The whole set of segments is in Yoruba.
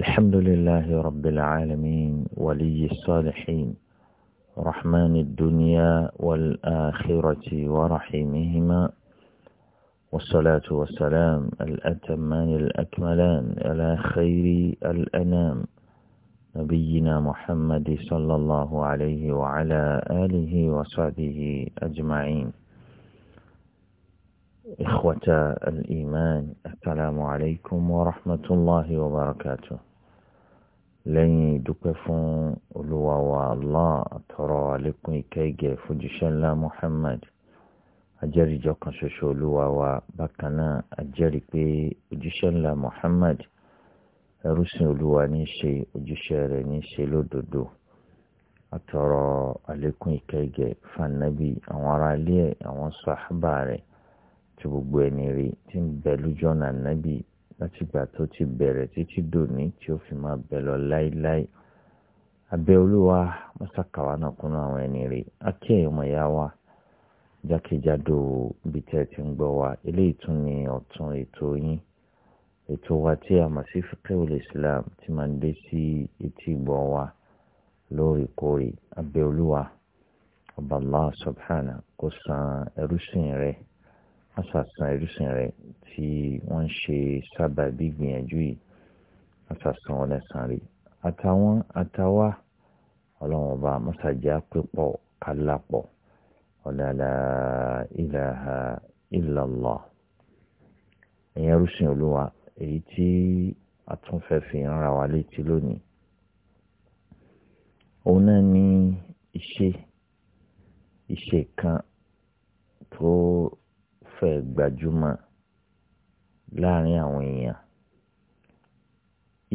الحمد لله رب العالمين ولي الصالحين رحمن الدنيا والآخرة ورحيمهما والصلاة والسلام الأتمان الأكملان على خير الأنام نبينا محمد صلى الله عليه وعلى آله وصحبه أجمعين إخوة الإيمان السلام عليكم ورحمة الله وبركاته لن دكفون ألوى الله ترى لكم كيجي فجشلا محمد ajẹ́rìí jọ kan ṣoṣo olúwa wa bákan náà ajẹ́rìí pé ojúṣe ńlá Muhammad ẹrúsìn olúwa ní í ṣe ojúṣe rẹ̀ ní í ṣe lódodo àtọ̀rọ̀ àlékún ìkẹ́gẹ́ fanabi àwọn ará ilé ẹ̀ àwọn sàhábà rẹ̀ àti gbogbo ẹni rí tí ń bẹ lójú ọ̀nà nábì látìgbà tó ti bẹ̀rẹ̀ títí dòní tí ó fi máa bẹ̀ lọ láíláí abẹ́ olúwa mọ́sàkàwá náà kúnú àwọn ẹni rí akẹ́ ìmọ̀ ya wa jákèjádò ibi tẹ́ ẹ ti ń gbọ́ wa eléyìí tún ni ọ̀tún ètò yín ètò wa tí a mọ̀ sí fíkẹ́wìlì Islam ti máa ń dé sí etí ìgbọ́ wa lóòrèkóòrè abẹ́ olúwa ọba Allah subhana kó san ẹrú sìn rẹ̀ wọ́n ṣàṣàn ẹrúsìn rẹ̀ tí wọ́n ń ṣe sábà bí gbìyànjú yìí wọ́n ṣàṣàn wọn lẹ́sàn-án rí àtàwọn àtàwà ọlọ́run ọba mọ́sàájá pípọ̀ kálápọ̀ ọ̀làlà ìlàhà ìlàlọ́ ẹ̀yìn ẹrúsìn olúwa èyí tí a fi rán wa létí lónìí òun náà ní iṣẹ́ iṣẹ́ kan tó fẹ́ gbajúmọ̀ láàrin àwọn èèyàn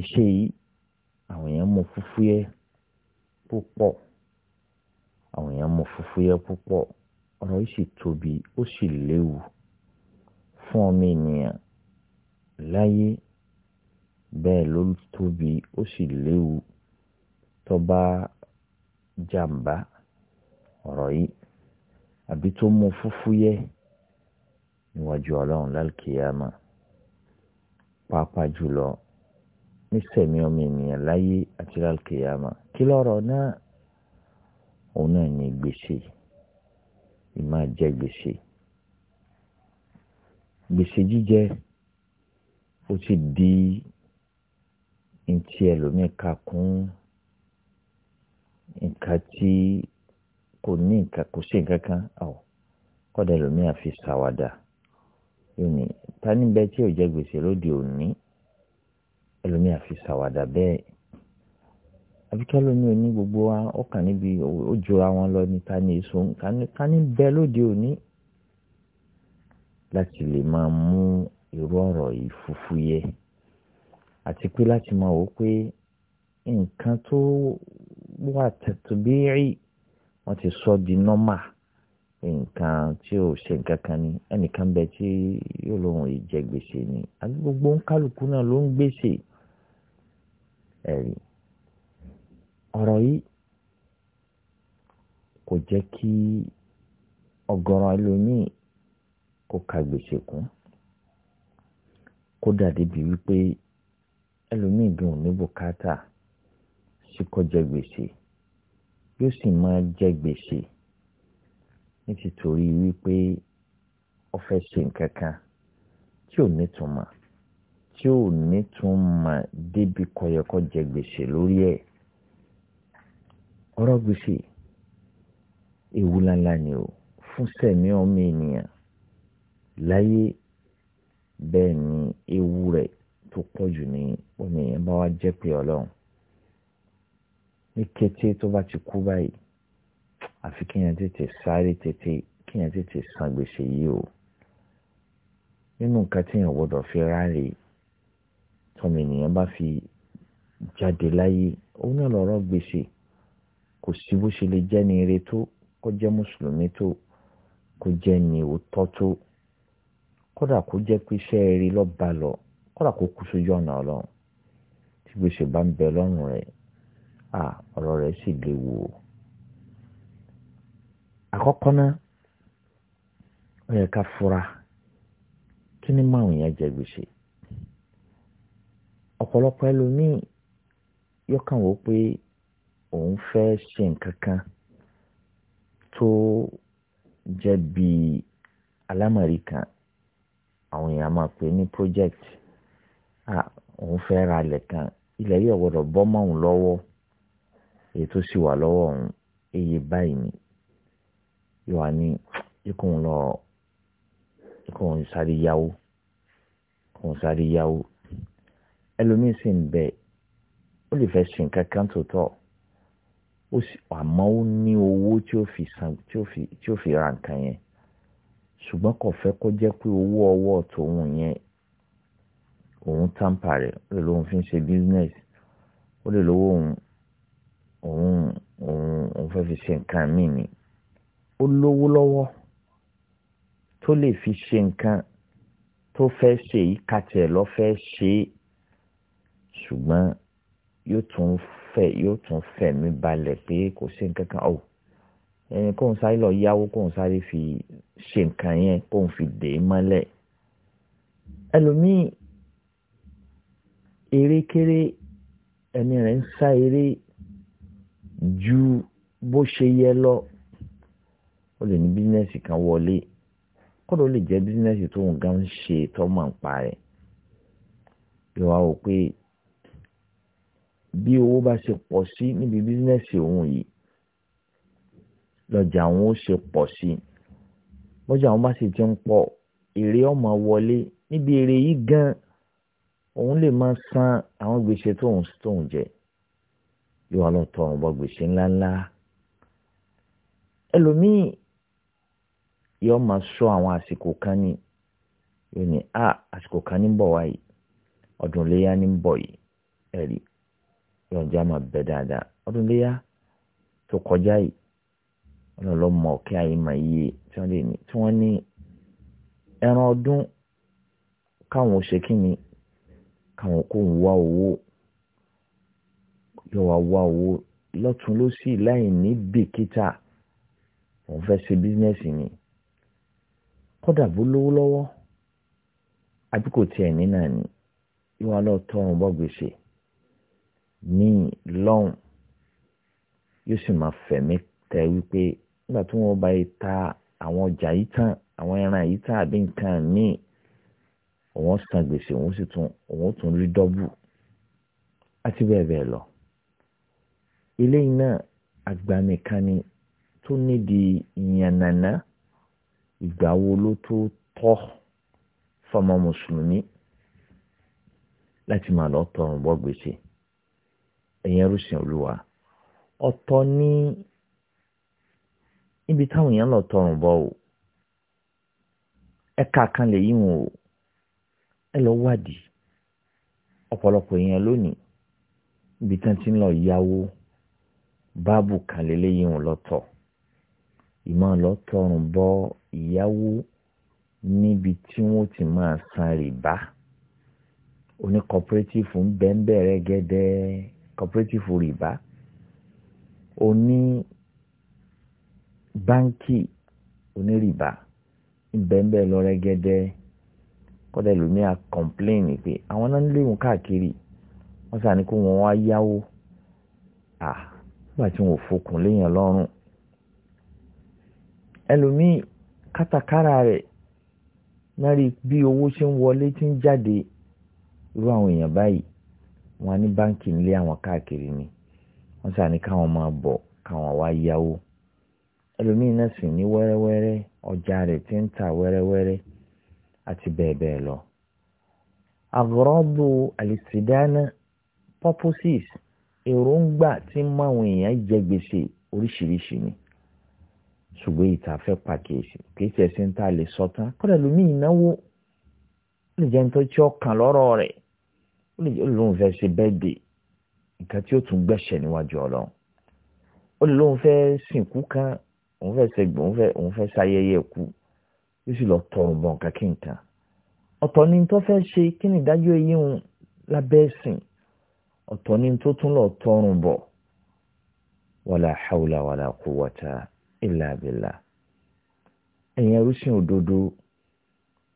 iṣẹ́ yìí àwọn èèyàn mú fúfúyẹ́ púpọ̀ àwọn èèyàn mú fúfúyẹ́ púpọ̀ ọ̀rọ̀ yìí sì tóbi ó sì léwu fún ọmọ ènìyàn láyé bẹ́ẹ̀ ló tóbi ó sì léwu tó bá ọ̀rọ̀ yìí àbí tó mú fúfúyẹ́ níwájú ọlọ́run lálùkìyàmà pàápàá jùlọ nísẹ̀mí ọmọ ènìyàn láyé àti lálùkìyàmà kí lọ́rọ̀ náà òun náà ní gbèsè ìmáa jẹ gbèsè gbèsè jíjẹ ó ti di ntí ẹlòmíín ká kún nǹkan tí kò ní nǹkan kò sí nǹkan kan ọ kọ́dà ẹlòmíín àfi ṣàwàdà ìní tani bẹ́ẹ̀ tí ò jẹ gbèsè lóde òní ẹlòmíì àfi ṣàwàdà bẹ́ẹ̀ àbíkẹ́ lómi òní gbogbo wa ó kàn níbi ó jura wọn lọ ní tani èso kání bẹ́ẹ̀ lóde òní láti lè máa mú irú ọ̀rọ̀ yìí fúfú yẹ àti pé láti máa wò pé nǹkan tó wà tẹ̀tù bíi ti sọ di nọ́mà. So nǹkan tí ò ṣe nǹkan kan ni ẹnìkan bẹ tí yóò lóun ìjẹ gbèsè ni àti gbogbo kálukú náà ló ń gbèsè ẹ̀rí ọ̀rọ̀ yìí kò jẹ́ kí ọ̀gọ̀rọ̀ ẹlòmíì kó ka gbèsè kún kódà débi wípé ẹlòmíì dùn ní bùkátà sí kó gbèsè yóò sì máa jẹ gbèsè nítìtorí wípé ó fẹ́ ṣe nǹkan kan tí ò nítumọ̀ tí ò nítumọ̀ débi kọyọkọ jẹ gbèsè lórí ẹ̀ ọ̀rọ̀ gbèsè ewu ńláńlá ni o fún sẹ̀mí ọmọ ènìyàn láyé bẹ́ẹ̀ ni ewu rẹ̀ tó pọ̀ jù ní ọmọ èèyàn bá wá jẹ́ pé ọlọ́run ní kété tó bá ti kú báyìí àfi kíyàn tètè sáré tètè kíyàn tètè san gbèsè yìí o nínú nǹkan tí èèyàn gbọdọ̀ fi ráre tọmọ ènìyàn bá fi jáde láyé òun náà lọ́rọ̀ gbèsè kò sí bó ṣe lè jẹ́ ní ire tó kó jẹ́ mùsùlùmí tó kó jẹ́ ní òótọ́ tó kódà kó jẹ́ pé iṣẹ́ rí lọ́ba lọ kódà kó kú sójú ọ̀nà ọlọ́run tí gbèsè bá ń bẹ lọ́rùn rẹ̀ ọ̀rọ̀ rẹ̀ sì léwu o àkọ́kọ́ náà ó yẹ ká fura kí ni máa yẹn jẹ gbèsè ọ̀pọ̀lọpọ̀ ẹlòmíì yóò kàn wọ́n pé òun fẹ́ ṣe nǹkan tó jẹ́ bíi alámọ̀rí kan àwọn èèyàn máa pè ní project òun fẹ́ ra ilẹ̀ kan ilẹ̀ yìí ò gbọ́dọ̀ bọ́ mọ́ òun lọ́wọ́ sì wà lọ́wọ́ òun èyí báyìí ni yóò wá ní ikùn lọ ikùn sáré yáwó ikùn sáré yáwó ẹlòmíín sì ń bẹ ó lè fẹ́ sin kankan tó tọ́ ó sì àmọ́ ó ní owó tí ó fi san tí ó fi tí ó fi ra nǹkan yẹn ṣùgbọ́n kò fẹ́ kó jẹ́ pé owó ọwọ́ tòun yẹn òun tampa rẹ̀ ó lè lóun fi ń ṣe business ó lè lówó òun òun òun fẹ́ fi ṣe nǹkan míì ni ó lówó lọ́wọ́ tó lè fi ṣe nǹkan tó fẹ́ ṣe yìí kàtẹ́ lọ fẹ́ ṣe é ṣùgbọ́n yóò tún fẹ́ yóò tún fẹ́ mi balẹ̀ pé kò sí nǹkan kan ọ̀ oh, ẹni kóun sáré lọ yáwó kóun sáré fi ṣe nǹkan yẹn kóun fi dè é mọ́lẹ̀ ẹlòmíì erékeré ẹni rẹ̀ ń sá eré ju bó ṣe yẹ lọ ó lè ní bísínẹ́sì kan wọlé kódà ó lè jẹ́ bísínẹ́sì tó ń gan ṣe tó mọ̀ ń pa rẹ̀ yóò wá wò pé bí owó bá ṣe pọ̀ sí níbi bísínẹ́sì òun yìí lọ́jà àwọn ó ṣe pọ̀ sí lọ́jà àwọn bá sì ti ń pọ̀ èrè ọmọ wọlé níbi èrè yìí gan òun lè máa san àwọn gbèsè tóun tóun jẹ yóò wá lọ tọrùn bọ gbèsè ńláńlá ẹlòmíì yóò máa sọ àwọn àsìkò kan ní yóò ní a àsìkò kan ní bọ̀ wáyé ọdún léyà ní bọ̀ yìí ẹ̀rí yóò já máa bẹ dáadáa ọdún léyà tó kọjá yìí ọlọ́lọ́ mọ ọ̀kẹ́ ayé máa yí e. tí wọ́n lè ní tí wọ́n ní ẹran ọdún káwọn ṣe kí ni káwọn kò ń wá owó yóò wá wá owó lọ́tún lọ́sì láì ní bìkítà òun fẹ́ ṣe bísínẹ́sì ni kódà bó lówó lọ́wọ́ àbí kò tiẹ̀ ní náà ni ìwà lọ tọrùn bọ́ gbèsè ní lọ́hùn yóò sì máa fẹ̀mí tẹ wípé nígbà tí wọ́n bá ta àwọn ọjà yìí tán àwọn ẹran yìí tán àbí nǹkan míì òun san gbèsè òun sì tún òun tún rí dọ́bù àti bẹ́ẹ̀ bẹ́ẹ̀ lọ. eléyìí náà agbanìkanni tó nídìí ìyànnànà ìgbà wo ló tó tọ́ fọmọ mùsùlùmí láti máa lọ tọrùn bọ́ gbèsè ẹ̀yìn ẹrúsìn olúwa ọ̀tọ̀ ní níbi táwọn èèyàn lọ tọrùn bọ́ o ẹ̀ka kan lè yíwọ̀n o ẹ lọ wádìí ọ̀pọ̀lọpọ̀ èèyàn lónìí ibi tán ti ń lọ yáwó báàbù kan lélẹ́yìn òun lọ́tọ̀ ìmọ̀ lọ́tọ̀rùn bọ́ ìyáwó níbi tí wọ́n ti máa san rìbá oní cooperative ń bẹ́ ń bẹ̀rẹ̀ gẹ́dẹ́ cooperative rìbá oní báńkì onírìbá ń bẹ́ ń bẹ́ẹ̀ lọ rẹ́gẹ́dẹ́ kọ́dà lómi à kọ̀ǹpléènì pé àwọn náà ń léwọ̀n káàkiri wọ́n sàn ní kó wọ́n wá yáwó à nígbà tí wọn ò fokùn léèyàn lọ́rùn ẹlòmíì kátàkárà rẹ̀ náà rí bí owó ṣe ń wọlé tí ń jáde irú àwọn èèyàn báyìí wọn ní báńkì nílé àwọn káàkiri ni wọn sà ní káwọn máa bọ̀ káwọn wá yáwó ẹlòmíín náà sì ní wẹ́rẹ́wẹ́rẹ́ ọjà rẹ̀ ti ń ta wẹ́rẹ́wẹ́rẹ́ àti bẹ́ẹ̀ bẹ́ẹ̀ lọ. àgọ́rọ́bù àlìsídáná purposes èròǹgbà tí máwọn èèyàn jẹ gbèsè oríṣiríṣi ni ṣùgbọ́n ìta fẹ́ pàkíyèsí kìí ṣe ẹsẹ̀ ń ta lè sọ tán kọ́dà lómi ìnáwó ó lè jẹ́ ní tó tí ó kàn lọ́rọ̀ rẹ̀ ó lè lóun fẹ́ ṣe bẹ́ẹ̀dẹ̀ nǹkan tí ó tún gbẹ̀ṣẹ̀ níwájú ọlọ́run ó lè lóun fẹ́ sìnkú kan òun fẹ́ ṣègbè òun fẹ́ ṣayẹyẹ kú ó sì lọ tọrọ bọ̀ nǹkan nǹkan ọ̀tọ̀ ni tó fẹ́ ṣe kí ni ìdájọ́ eyín òun ọ̀tọ̀ ni tó tún lọ tọrùn bọ̀ wàlà hàwùlà wàlà kúwàtà ìlà àbẹ̀là ẹ̀yin arúsìn òdodo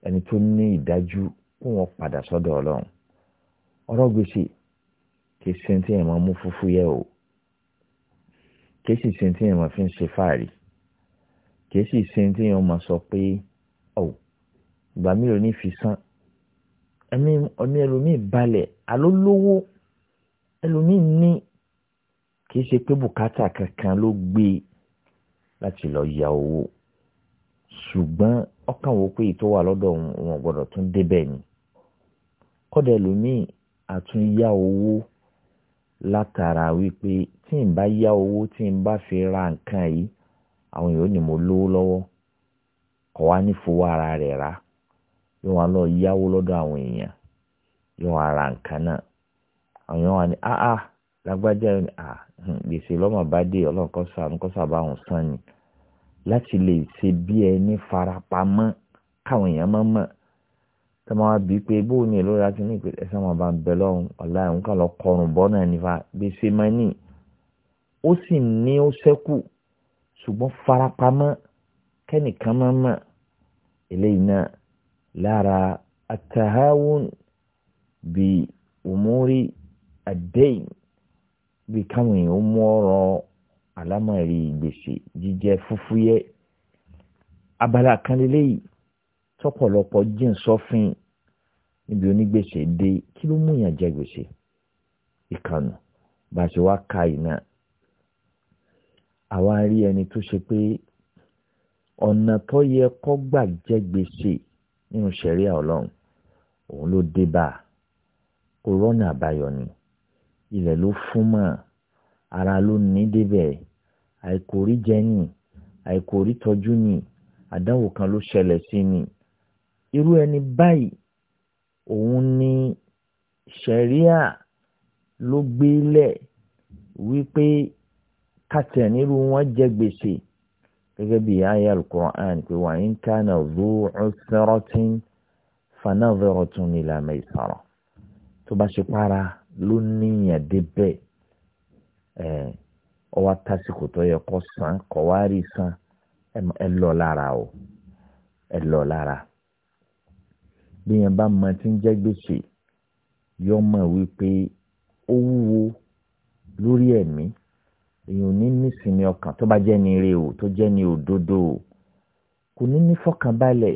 ẹni tó ní ìdájú kó wọn padà sọ́dọ̀ ọlọ́run ọ̀rọ̀ gbèsè kì í ṣe tí ẹ̀ máa mú fúfú yẹ o kì í sì ṣe tí ẹ̀ máa fi ń ṣe fáàrí kì í sì ṣe tí ẹ̀ máa sọ pé ọ̀ ìgbà mi ò ní fi san ẹ̀mí ọ̀ní ẹlòmíì balẹ̀ alólówó ẹlòmíì ní kì ṣe pé bùkátà kankan ló gbé e. láti lọ ya owó ṣùgbọ́n ọkàn wo pé ìtọ́wà lọ́dọ̀ wọn gbọ́dọ̀ tún débẹ̀ ni kọ́dà ẹlòmíì àtún ya owó látara wípé tí n bá ya owó tí n bá fi ra nǹkan yìí àwọn èèyàn ni mo lówó lọ́wọ́ kọ́ wá ní ara rẹ̀ rà yóò wá lọ owó lọ́dọ̀ àwọn èèyàn yóò wá ra nǹkan náà àwọn èèyàn wá ní áá lágbájá ẹni à gbèsè lọ́mọ bá dé ọlọ́kọ́ sàánú kọ́ sábà àwọn sàn ni láti lè ṣe bí ẹni farapamọ́ káwọn èèyàn mọ́ mọ́ tó máa bí pé bóun ni èlò láti ní ìpínlẹ̀ sáwọn bá ń bẹ lọ́hùn ọ̀la ẹ̀hún kà lọ kọrùn bọ́ náà nípa gbèsè máa ní ó sì ní ó ṣẹ́kù ṣùgbọ́n farapamọ́ kẹ́nìkan máa mọ̀ eléyìí náà lára àtàháwùn bíi òmùrí àdéhìn bí káwọn èèyàn ó mú ọ̀rọ̀ àlámọ̀rí gbèsè jíjẹ fúfúyẹ́ abala kan lélẹ́yìí tọ́pọ̀lọpọ̀ jìn sọ́fìn níbi onígbèsè dé kí ló mú yàn jẹ gbèsè ìkànnù bá a ṣe wá ka iná àwa rí ẹni tó ṣe pé ọ̀nà tó yẹ kó gbà jẹ gbèsè nínú ṣẹ̀ríà ọlọ́run òun ló dé bá a kò rọ́nà àbáyọ ni ilẹ̀ ló fún mọ́ ara ló ní débẹ̀ àìkórí jẹ ni àìkórí tọ́jú ni àdáwò kan ló ṣẹlẹ̀ sí ni irú ẹni báyìí òun ni ṣẹ̀ríà ló gbélẹ̀ wípé kàtẹ́ nírú wọn jẹ gbèsè gẹ́gẹ́ bí ayé alukur'an pé wà ń kánà zu usratin fanadhiratun ila maisara tó bá ṣe para ló níyàn débẹ̀ ẹ̀ ọwọ́ tásìkò tó yẹ kó san kó wá rí san ẹ lọ lára o ẹ lọ lára bí yẹn bá mọ tí ń jẹ́ gbèsè yọ mọ̀ wípé ó wúwo lórí ẹ̀mí èèyàn ò ní nísìnyí ọkàn tó bá jẹ́ ní ire o tó jẹ́ ní òdodo o kò ní ní fọkànbalẹ̀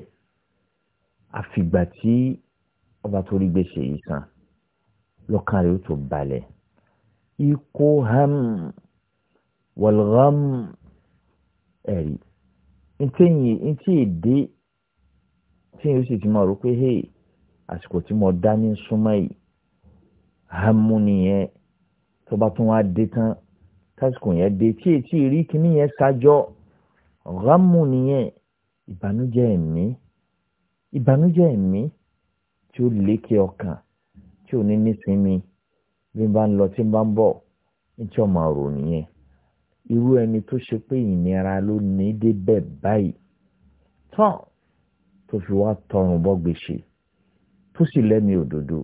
àfìgbà tí ọba tó rí gbèsè yìí san lọ́kàn rẹ̀ ó tó balẹ̀ ikú ham wàlgam ẹ̀rí ntẹ́yìn ntí èdè tí yóò sì ti máa rò pé hey àsìkò tí mo dá ní súnmọ́ yìí hamu nìyẹn tó bá tún wá dé tán tásìkò yẹn dé tí ètí rí kíní yẹn ṣájọ́ ramu nìyẹn ìbànújẹ́ ẹ̀mí ìbànújẹ́ ẹ̀mí tí ó lékè ọkàn ò ní nísinmi bí n bá ń lọ tí n bá ń bọ̀ níjọ́ ọmọ rò nìyẹn irú ẹni tó ṣe pé ìnira ló ní débẹ̀ báyìí tán tó fi wá tọrùn bọ́ gbèsè tó sì lẹ́mi òdodo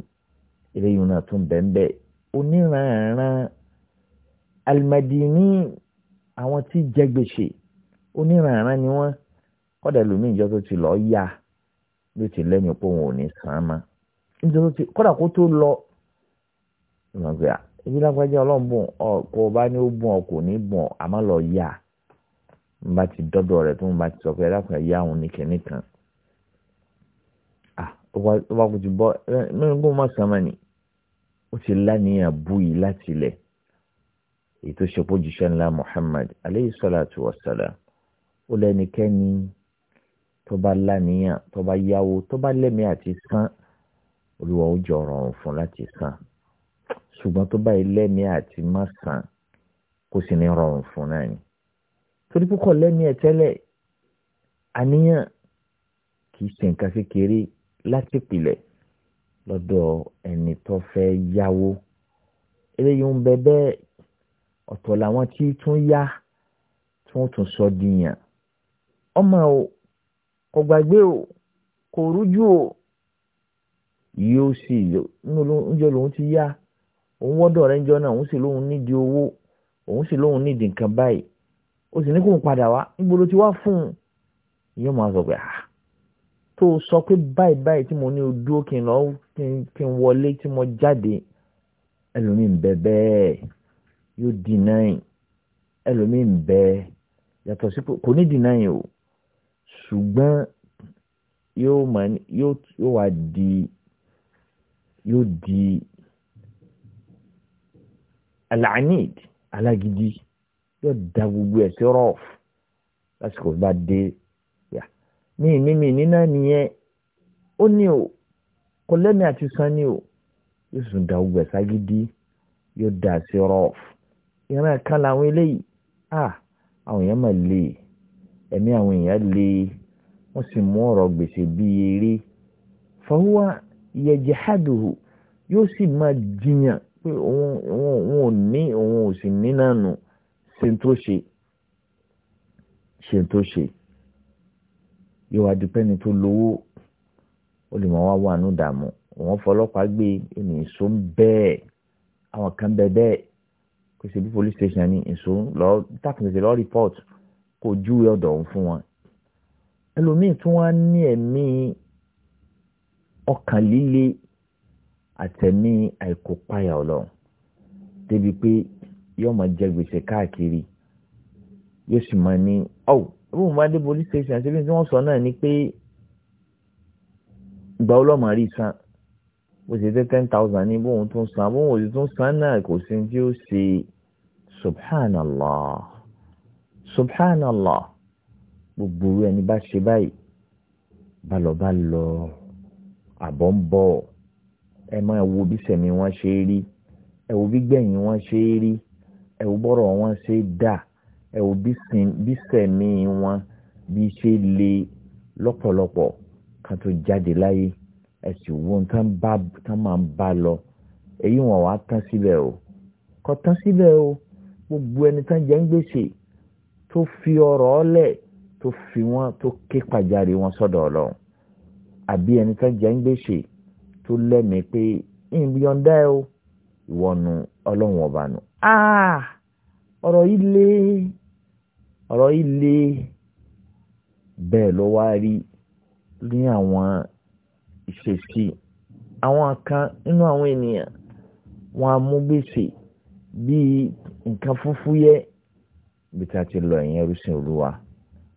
eléyìí náà tún bẹ́ẹ̀ oníranran alimadini àwọn tí jẹ gbèsè oníranran ni wọ́n kọ́dà lómi ìjọ tó ti lọ́ọ́ yá ló ti lẹ́mi pé òun ò ní san án mọ́ nítorí ti kódà kó tó lọ ìmọ̀gbẹ́ à ibi lágbájá ọlọ́run bùn ọ kó o bá ní ó bùn ọ kò ní bùn ọ àmọ́ lọ yá n bá ti dọ́dọ̀ rẹ̀ tó n bá ti sọ pé ẹ̀dáfẹ́ yá òun ní kìnní kan ah ó bá kó ti bọ́ mẹ́rin kó má sàmà ni ó ti lánìyàn bú yìí láti ilẹ̀ èyí tó ṣe pójúṣẹ́ ńlá Muhammad aleyhi salatu wa salam ó lẹ́nikẹ́ni tó bá lánìyàn tó bá yáwó tó bá lẹ́mìí àti san olúwa ó jọ rọrùn fún láti san ṣùgbọ́n tó báyìí lẹ́mìí àti má san kó sì ní rọrùn fún náà ni torí púpọ̀ lẹ́mìí ẹ̀ tẹ́lẹ̀ àníyàn kì í ṣe nǹkan kékeré láti pilẹ̀ lọ́dọ̀ ẹni tó fẹ́ yáwó eléyìí ń bẹ bẹ́ẹ̀ ọ̀tọ̀ làwọn tí tún yá tí wọ́n tún sọ dìyàn ọmọ o kò gbàgbé kò rújú o yóò sì ńjọ lòun ti yá òun wọ́dọ̀ rẹ̀ ńjọ náà òun sì lóun nídìí owó òun sì lóun nídìí nǹkan báyìí ó sì ní kó ń padà wá nígboro tí wá fún un yóò máa sọ pé ah tó o sọ pé báyìí báyìí tí mo ní o dúró kí n lọ kí n wọlé tí mo jáde ẹlòmíín bẹ bẹ́ẹ̀ yóò deny ẹlòmíín bẹ yàtọ̀ sí kò ní deny o ṣùgbọ́n yóò wá di yóò di alaanid alágídí yóò da gbogbo ẹ̀ sí rọ́ọ̀f lásìkò bá dé yà mí ní mi nínà nìyẹn ó ní o kò lẹ́mìí àti sanni o yóò sùn da gbogbo ẹ̀ ságídí yóò da sí rọ́ọ̀f ìran kan làwọn eléyìí ah àwọn èèyàn mà lè ẹ̀mí àwọn èèyàn lè wọ́n sì mú ọ̀rọ̀ gbèsè bíi eré fọwọ́ yẹjihaduhu yóò sì máa jiyàn pé òun ò ní òun ò sì ní nànú ṣe tó ṣe ṣe tó ṣe yóò wá dípẹ́ni tó lówó ó lè máa wá wà nù dààmú òun fọlọ́pàá gbé ènìyàn sọ bẹ́ẹ̀ àwọn kan bẹ bẹ́ẹ̀ kò sí bí police station ni èso lọ dákùnrin sí lọ report kò júwe ọ̀dọ̀ òun fún wọn ẹlòmíì tún wá ní ẹ̀mí ọkàn líle àtẹ̀mí àìkópayà ọlọ́run débi pé yóò máa jẹ gbèsè káàkiri yóò sì máa ní ọ̀wọ́ ẹ̀bùn bá dé police station àti bí wọ́n sọ náà ni pé ìgbà ọlọ́mọ rí san bó ṣe tẹ́ ten thousand ní bóun tó san bóun ò sì tún san náà kò sí tí ó ṣe subhanallah subhanallah gbogbo ẹni bá ṣe báyìí balọ̀ bá lọ àbọ̀ ń bọ̀ ẹ máa wo bí sẹ̀mí wọn ṣe rí ẹ wo bí gbẹ̀yìn wọn ṣe rí ẹ wo bọ́rọ̀ wọn ṣe dà ẹ wo bí sẹ̀mí wọn bí ṣe le lọ́pọ̀lọpọ̀ kan tó jáde láyé ẹ sì wo tán máa ń bá lọ èyí wọn wá tán síbẹ̀ o kò tán síbẹ̀ o gbogbo ẹni tán jẹ́ ń gbèsè tó fi ọ̀rọ̀ ọ̀lẹ̀ tó fi wọn tó ké pàjáre wọn sọ́dọ̀ ọlọ́run àbí ẹni tó jẹ́ ń gbèsè tó lẹ́mìí pé ìyọ̀ǹda ẹ o ìwọ̀nù ọlọ́run ọba nù. Ah, ọ̀rọ̀ yìí le ọ̀rọ̀ yìí le bẹ́ẹ̀ ló wá rí ní àwọn ìṣesí àwọn kan nínú àwọn ènìyàn wọn á mú gbèsè bíi nǹkan fúnfún yẹ bí ta ti lọ ẹ̀yìn ẹrú olúwa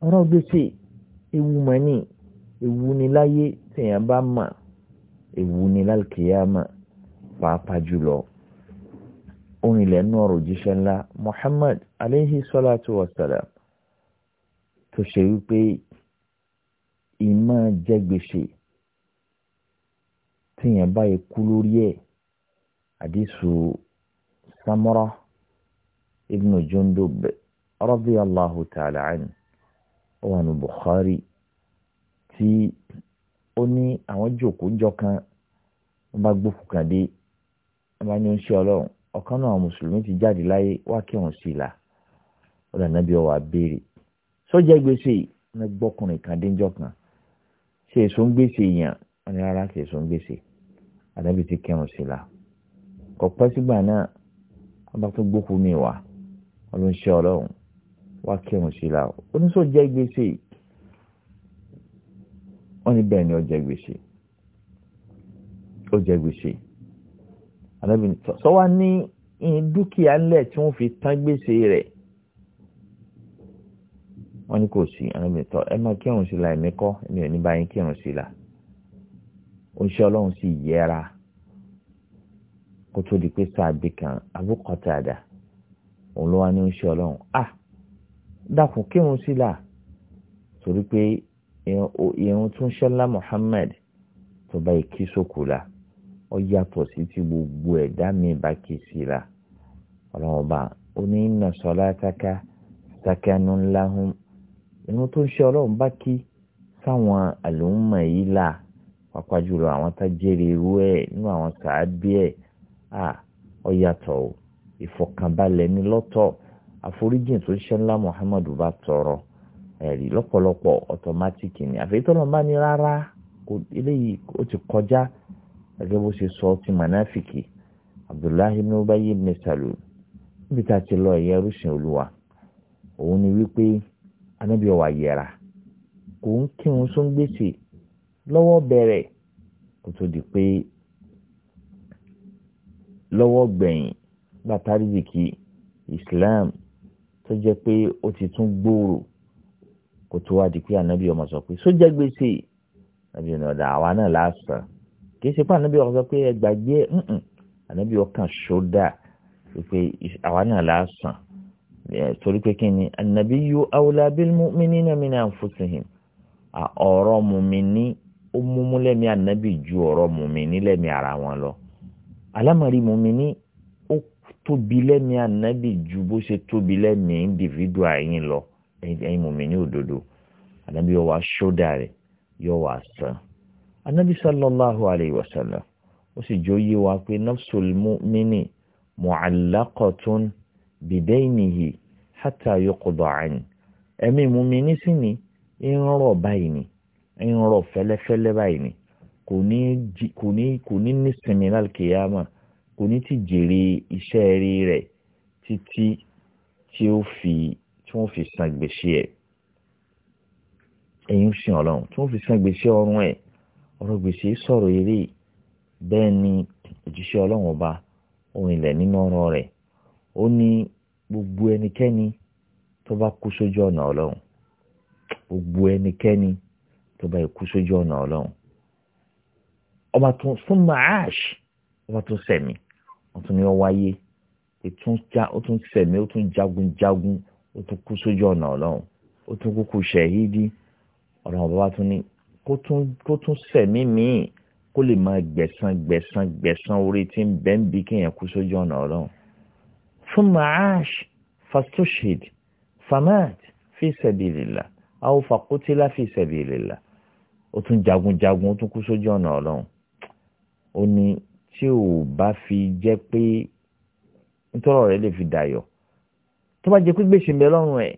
ọ̀rọ̀ gbèsè ewu mọ́ ni ewu ni láyé tèèyàn bá mà ewu ni lálkìyàmà pàápàá jùlọ òun ilẹ̀ nú ọ̀rọ̀ jíṣẹ́ ńlá Muhammad aleyhi salatu wa salam tó ṣe wípé ìmọ̀ jẹ́ tèèyàn báyìí kú lórí ẹ̀ àdísù samura ibnu jundub radiyallahu ta'ala anhu wa nu bukhari tí ó ní àwọn jòkó jọ kan wọ́n bá gbófò kàn dé wọ́n bá ní ń ṣe ọlọ́run ọ̀kan náà mùsùlùmí ti jáde láyé wá kí òun sí i là ọ̀dà nàbí ọwọ́ àbèrè sọ́jà gbèsè ní gbọ́kùnrin kan déjọ́ kan ṣe èso ń gbèsè yàn wọ́n ní rárá ṣe èso ń gbèsè àdàbí ti kẹrùn sí là kọ̀pẹ́ sígbà náà wọ́n bá tún gbókùn mi wá wọ́n ló ń ṣe ọlọ́run wá kí òun sí i là oníṣòjà gbèsè wọ́n ní bẹ́ẹ̀ ni ó jẹ gbèsè ó jẹ gbèsè anábì sọ́wọ́ ní dúkìá lẹ̀ tí wọ́n fi tán gbèsè rẹ̀ wọ́n ní kò sí anábì tọ́ ẹ máa kírun sí la ẹ̀mí kọ́ ẹ̀mí ò ní bá yín kírun sí la oṣù ọlọ́run sì yẹra kó tó di pé sáà gbé kan abúkọ̀tà òun ló wá ní oṣù ọlọ́run ah dákun kírun sí la torí pé ìrun tún ṣọlá Muhammad tó bá kí sókù la ó yàtọ̀ sí ti gbogbo ẹ̀dá mi bá kí sí la ọlọ́run bá ó ní inna salataka sakanun lahum ìrun tó ń ṣe ọlọ́run bá kí sáwọn àlòmọ̀ yìí là pàápàá jùlọ àwọn tá irú ẹ̀ nínú àwọn sàábí ẹ̀ à ó yàtọ̀ o ìfọ̀kànbalẹ̀ ní lọ́tọ̀ àforíjìn tó ṣẹlá Muhammad bá tọrọ ẹ̀rí lọ́pọ̀lọpọ̀ automatic ni àfi tọ́lọ́ bá ní rárá eléyìí ó ti kọjá gẹ́gẹ́ bó ṣe sọ ti mọ̀náfìkì Abdullahi ibn Ubayy ibn Salul níbi tá a ti lọ ẹ̀yẹ rúṣin olúwa òun ni wípé anábì ọ̀wà yẹra kò ń kírun sún gbèsè lọ́wọ́ bẹ̀rẹ̀ kó tó di pé lọ́wọ́ gbẹ̀yìn látàrí zikì Islam tó jẹ́ pé ó ti tún gbòòrò kó tó wá di pé ànábì ọmọ sọ pé sójà gbèsè ànábì ọmọ ọ̀dà àwa náà lásán kì í ṣe pé ànábì ọmọ sọ pé ẹgbàgbé ànábì ọkàn ṣódà pé àwa náà lásán torí pé kí ni ànábì yó awla bil mu'minina min anfusihim ọ̀rọ̀ mùmíní ó múmú lẹ́mí ànábì ju ọ̀rọ̀ mùmíní lẹ́mí ara wọn lọ alámọ̀rí mùmíní ó tóbi lẹ́mí ànábì ju bó ṣe tóbi lẹ́mí individual yín lọ ẹ̀yin mùmí ní òdodo ànábì yóò wá ṣódà rẹ̀ yóò wá sàn ànábì sallallahu alayhi wa sallam ó sì jó yé wa pé nafsul mu'mini mu'allaqatun bidaynihi hatta yuqda an ẹ̀mí mùmí ní sí ni ń rọ̀ báyìí ni ń rọ̀ báyìí ni kò ní kò ní ní nísinmi lálùkìyàmà kò ní ti jèrè iṣẹ́ rí rẹ̀ títí tí ó fi wọ́n fi san gbèsè ẹ̀ ẹ̀yin sìn ọlọ́run tí wọ́n fi san gbèsè ọrùn ẹ̀ ọ̀rọ̀ gbèsè sọ̀rọ̀ eré bẹ́ẹ̀ ni òjíṣẹ́ ọlọ́run ọba ohun ilẹ̀ nínú ọ̀rọ̀ rẹ̀ ó ní gbogbo ẹnikẹ́ni tó bá kú sójú ọ̀nà ọlọ́run gbogbo ẹnikẹ́ni tó bá kú sójú ọ̀nà ọlọ́run ọba tó fún maash ọba tó sẹ̀mí wọ́n tún ọ wáyé ó tún sẹ̀mí ó tún jagunjagun ó tún kú sójú ọ̀nà ọlọ́run ó tún kúkú ṣẹ̀hídì ọlọ́run bàbá tún ní kó tún sẹ̀mí míì kó lè máa gbẹ̀san gbẹ̀san gbẹ̀san orí tí ń bẹ́ ń bí kéèyàn kú sójú ọ̀nà ọlọ́run. fún maash fastoshid famat fi sabilillah aw fakutila fi sabilillah ó tún jagunjagun ó tún kú sójú ọ̀nà ọlọ́run ó ní tí ò bá fi jẹ́ pé nítorọ̀ rẹ̀ lè fi dàyọ̀ tó bá jẹ pé gbèsè ń bẹ lọ́rùn ẹ̀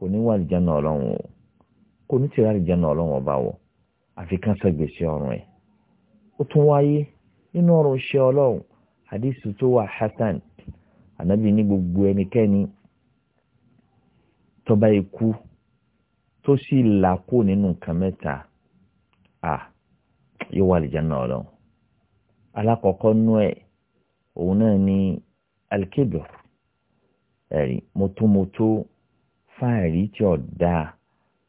kò ní wà àlìjáná ọlọ́run o kò ní tìrẹ àlìjáná ọlọ́run ọba wọ àfi kán sọ gbèsè ọrùn ẹ̀ ó tún wáyé nínú ọ̀rọ̀ ṣe ọlọ́run àdìsù tó wà hasan ànábì ní gbogbo ẹnikẹ́ni tó bá ikú tó sì là kó nínú nǹkan mẹ́ta à yóò wà àlìjáná ọlọ́run alákọ̀ọ́kọ́ nú ẹ̀ òun náà ní alikébẹ̀rù ẹ̀rí mọ́tòmọ́tò fáàrí tí ò dáa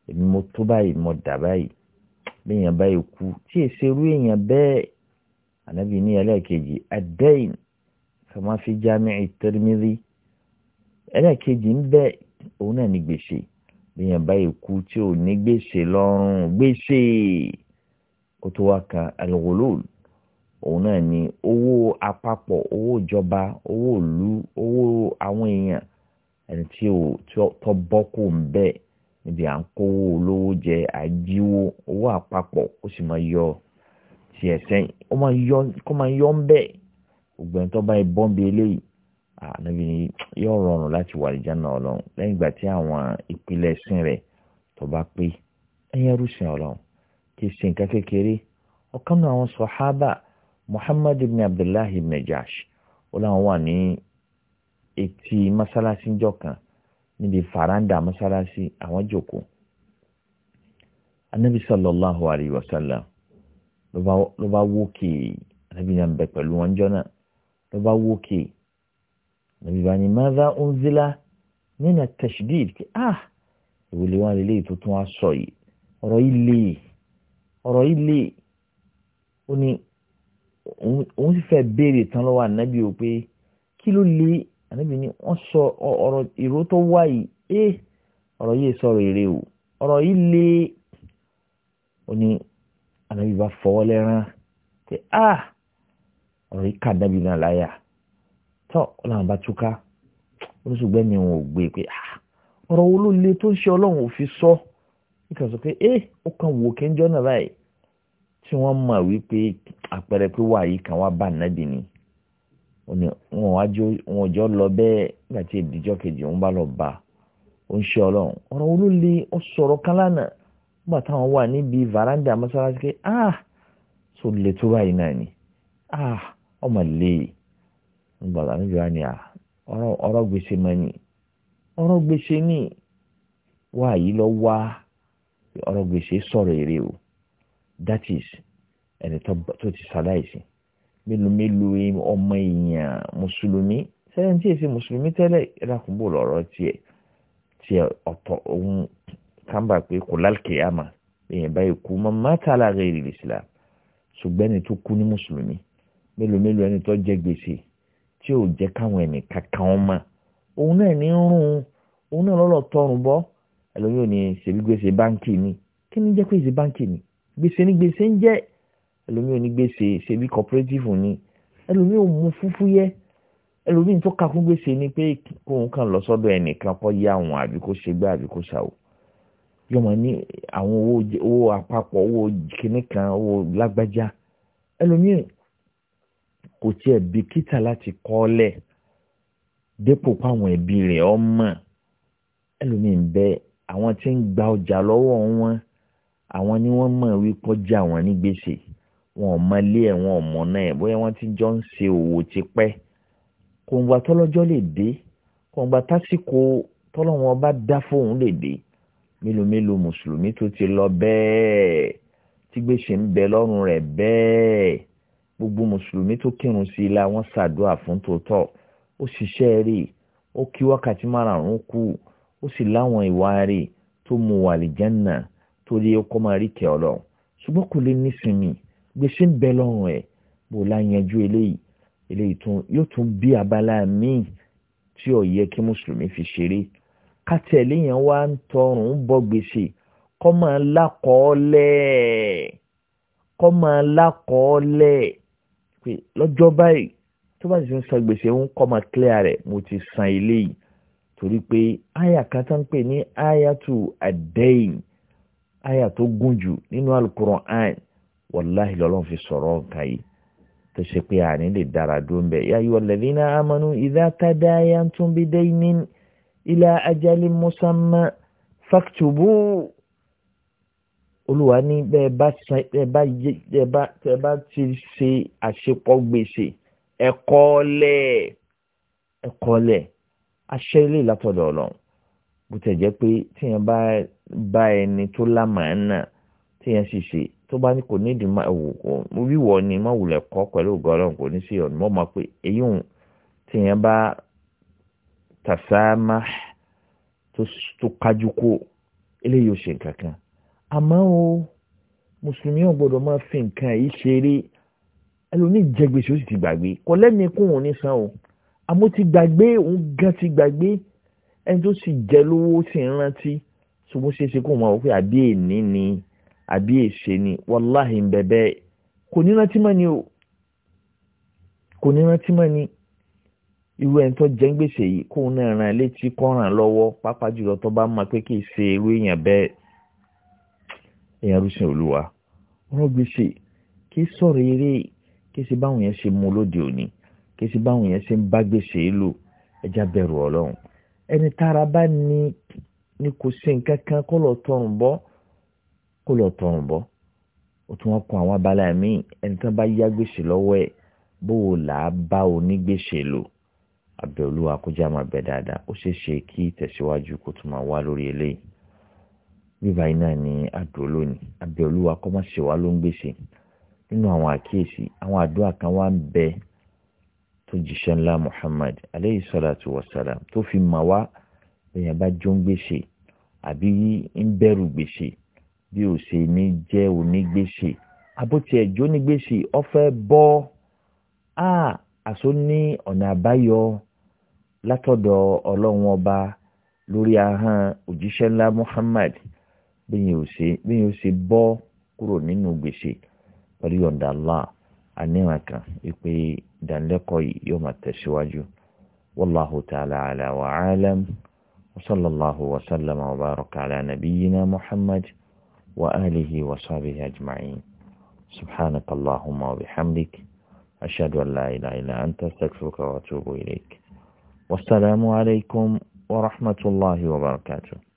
èmi mo tó báyìí mo dà báyìí léèyàn báyìí kú tí èserú èèyàn bẹ́ẹ̀ ànábì ní ẹlẹ́ẹ̀kejì adẹ́yìn kàmá fi jámẹ́ Tirmidhi ẹlẹ́ẹ̀kejì ń bẹ òun náà ní gbèsè léèyàn báyìí kú tí ò ní gbèsè lọ́rùn gbèsè kó tó wá kan al òun náà ní owó àpapọ̀ owó ìjọba owó ìlú owó àwọn èèyàn ẹni tí ò tọ́ bọ́kù ń bẹ́ẹ̀ níbi à ń kówó olówó jẹ àjíwó owó àpapọ̀ ó yọ ti ẹ̀sẹ̀ ó máa yọ kó máa yọ ń bẹ́ẹ̀ gbogbo ẹni tó bá yẹ bọ́ǹbì eléyìí ànábi ni yóò rọrùn láti wà lìjà náà ọlọ́run lẹ́yìn ìgbà tí àwọn ìpìlẹ̀ ẹ̀sìn rẹ̀ tó bá pé ẹ̀yìn kì Abdullahi ibn ó láwọn wà eti masalasi jọ kan níbi faranda masalasi àwọn jòkó anabi sallallahu alayhi wa sallam ló bá anabi náà ń bẹ pẹ̀lú wọn jọ náà ló bá anabi bá ní madha unzila min at kí ah ìwòlè wọn lè léyìí tó tún wá sọ yìí yìí lè yìí lè ó ní anabi o pé kí ànábì ni wọ́n sọ ọ̀rọ̀ ìró tó wá yìí ẹ́ eh, ọ̀rọ̀ yìí sọ̀rọ̀ èrè o ọ̀rọ̀ yìí lé ó ní ànábì bá fọwọ́ lẹ́rán pé a ah! ọ̀rọ̀ yìí kà dábì náà láyà tọ́ ọlọ́run bá túká oníṣùgbẹ́ mi wọn ò gbé pé a ah! ọ̀rọ̀ wo ló le tó ń ṣe ọlọ́run ò fi sọ níkan sọ pé ẹ eh! ó kàn wò kéńjọ́ náà báyìí tí wọ́n mọ̀ wípé àpẹẹrẹ pé wàá yìí kan wá bá ànábì wọn wájú wọn jọ lọ bẹ́ẹ̀ nígbà tí ìdíjọ́ kejì òun bá lọ bá ó ń ṣe ọlọ́run ọ̀rọ̀ wo ló le ó sọ̀rọ̀ kálánà nígbà táwọn wà níbi varanda mọ́sálásí pé ah so le tó báyìí náà ni ah ọmọ le nígbà tá níbi wá ni ah ọ̀rọ̀ gbèsè mọ́ ni ọ̀rọ̀ gbèsè ni wá yìí lọ wá ọ̀rọ̀ gbèsè sọ̀rọ̀ èrè o that is ẹni tó ti ṣaláìsí. mélòó mélòó ọmọ èèyàn mùsùlùmí sẹ́yìn tí èsì mùsùlùmí tẹ́lẹ̀ ìdàkúnbò lọ́rọ̀ tiẹ̀ tiẹ̀ ọ̀tọ̀ ohun kàmbà pé kò lálùkè àmà èèyàn báyìí kú mọ́ mátàlá rẹ̀ ìrìlì sílá ṣùgbọ́n ẹni tó kú ní mùsùlùmí mélòó mélòó ẹni tó jẹ gbèsè tí ò jẹ́ káwọn ẹnì kankan ọmọ òun náà ní rún òun náà lọ́lọ́ tọrùn bọ́ ẹlòmíràn ní ṣèlú gbèsè báńkì ni kí ni jẹ́ gbèsè báńkì ni gbèsè ni gbèsè ń jẹ́ ẹlòmíì onígbèsè ṣebí cooperative ni ẹlòmíì ò mú fúfú yẹ ẹlòmíì tó kakú gbèsè ni pé kóun kàn lọ sọ́dọ̀ ẹnìkan kọ́ yá àwọn àbí kó ṣe gbá àbí kó ṣàwò yọmọ ní àwọn owó àpapọ̀ owó kìnnì kan owó lágbájá ẹlòmíì kò tiẹ̀ bìkítà láti kọ́ lẹ̀ dépò páwọn ẹbí rẹ̀ ọmọ ẹlòmíì ń bẹ àwọn tí ń gba ọjà lọ́wọ́ wọn àwọn ni wọ́n mọ̀ wípé ọjà wọn ní gbèsè wọn ò mọ ilé ẹ̀ wọn ò mọ náà ẹ̀ bóyá wọ́n ti jọ ń ṣe òwò tipẹ́ kòǹgbà tọ́lọ́jọ́ lè dé kòǹgbà tásìkò tọ́lọ́wọ́n bá dá fóun lè dé mélòó mélòó mùsùlùmí tó ti lọ bẹ́ẹ̀ tí gbèsè ń bẹ lọ́rùn rẹ̀ bẹ́ẹ̀ gbogbo mùsùlùmí tó kírun sí i la wọ́n fún tòótọ́ ó ṣiṣẹ́ rè ó kí wákàtí márùn kù ó sì láwọn ìwà rè tó mu wàlìjánà torí ó kọ́ máa rí kẹ́ ọ lọ ṣùgbọ́n kò lè nísinmi gbèsè ń bẹ lọ́rùn ẹ̀ bó o láyanjú eléyìí eléyìí tún yóò tún bí abala míì tí ò yẹ kí mùsùlùmí fi ṣeré kátẹ́lì yẹn wá ń tọrùn ń bọ gbèsè kọ́ máa lákọ̀ọ́lẹ̀ kọ́ máa lákọ̀ọ́lẹ̀ pé lọ́jọ́ báyìí tó bá sì ń san gbèsè ń kọ́ máa clear rẹ̀ mo ti san eléyìí torí pé àyà kan ń pè ní àyà tó àdẹ́yìn àyà tó gùn jù nínú alukur'an wàláhì lọ́lọ́run fi sọ̀rọ̀ nǹkan yìí tó ṣe pé àní lè dára dúró ń bẹ̀ yá yọ lẹ́dínà amánú ìdá tàdáyà tún bí dẹ́yìní ilá ajálí musamma fàkìtùbù olùwà ní bẹ́ẹ̀ bá ti ṣe àṣepọ̀ gbèsè ẹ̀kọ́lẹ̀ ẹ̀kọ́lẹ̀ aṣẹ́lẹ̀ látọ̀dọ̀ ọlọ́run bó tẹ̀ jẹ́ pé tíyẹn bá ẹni tó lámàá náà tíyẹn sì ṣe tó bá ní kò nídìí má wò wíwọ ni má wulẹ̀ kọ́ pẹ̀lú ògo Ọlọ́run kò ní sí ọ̀nà mọ́ máa pé èyí ń tìyẹn bá tàṣámá tó kájú kó eléyìí ò ṣe nǹkan kan àmọ́ o mùsùlùmí ò gbọ́dọ̀ máa fi nǹkan yìí ṣeré ẹlòmíì jẹ ó sì ti gbàgbé kò lẹ́mìí kún òun ní san o àmọ́ ti gbàgbé òun gan ti gbàgbé ẹni tó sì jẹ lówó sì ń rántí ṣùgbọ́n ṣeéṣe kó mọ̀ wọ́n pé àbí èní ni. ni àbí èṣe ni wàláhì ń bẹ̀bẹ̀ kò ní rántí mọ́ ni o kò ní rántí mọ́ ni irú ẹni tó jẹ́ ń gbèsè yìí kóun náà ràn án létí kó ràn án lọ́wọ́ jùlọ tó bá pé kì í ṣe irú èèyàn bẹ́ẹ̀ èèyàn rúṣin olúwa gbèsè kì í sọ̀rọ̀ eré kì í ṣe báwọn yẹn ṣe mú lóde òní kì í ṣe báwọn yẹn ṣe ń bá gbèsè lò ẹja bẹ̀rù ẹni tára bá ní ni kò kó lọ tọrùn bọ́ ó tún wọ́n kún àwọn abala míì ẹni tán bá yá gbèsè lọ́wọ́ ẹ̀ bówo là á bá onígbèsè lò àbẹ̀ olúwa kó já máa dáadáa ó ṣeé ṣe kí ìtẹ̀síwájú kó tún máa wá lórí eléyìí bíbá iná ni àdúró lónìí àbẹ̀ olúwa wá ló ń gbèsè nínú àwọn àkíyèsí àwọn àdúrà kan wá ń bẹ tó jíṣẹ́ ńlá Muhammad aleyhi salatu wa salam tó fi mà wá èèyàn bá jó ń gbèsè àbí ń bẹ̀rù gbèsè bí ò ṣe ní jẹ́ onígbèsè abótiẹ jó nígbèsè ọfẹ bọ a àṣọ ní ọ̀nà àbáyọ látọ̀dọ̀ ọlọ́run ọba lórí ahọ́n òjíṣẹ́ ńlá Muhammad bẹ́yìn ò ṣe bẹ́yìn ò ṣe bọ́ kúrò nínú gbèsè pẹ̀lú yọ̀ǹda Allah àníwàn kan wípé ìdánilẹ́kọ̀ọ́ yìí yóò máa tẹ̀síwájú wallahu ta'ala ala wa alam wa wa sallama wa baraka ala nabiyyina Muhammad. وآله وصحبه أجمعين سبحانك اللهم وبحمدك أشهد أن لا إله إلا أنت استغفرك وأتوب إليك والسلام عليكم ورحمة الله وبركاته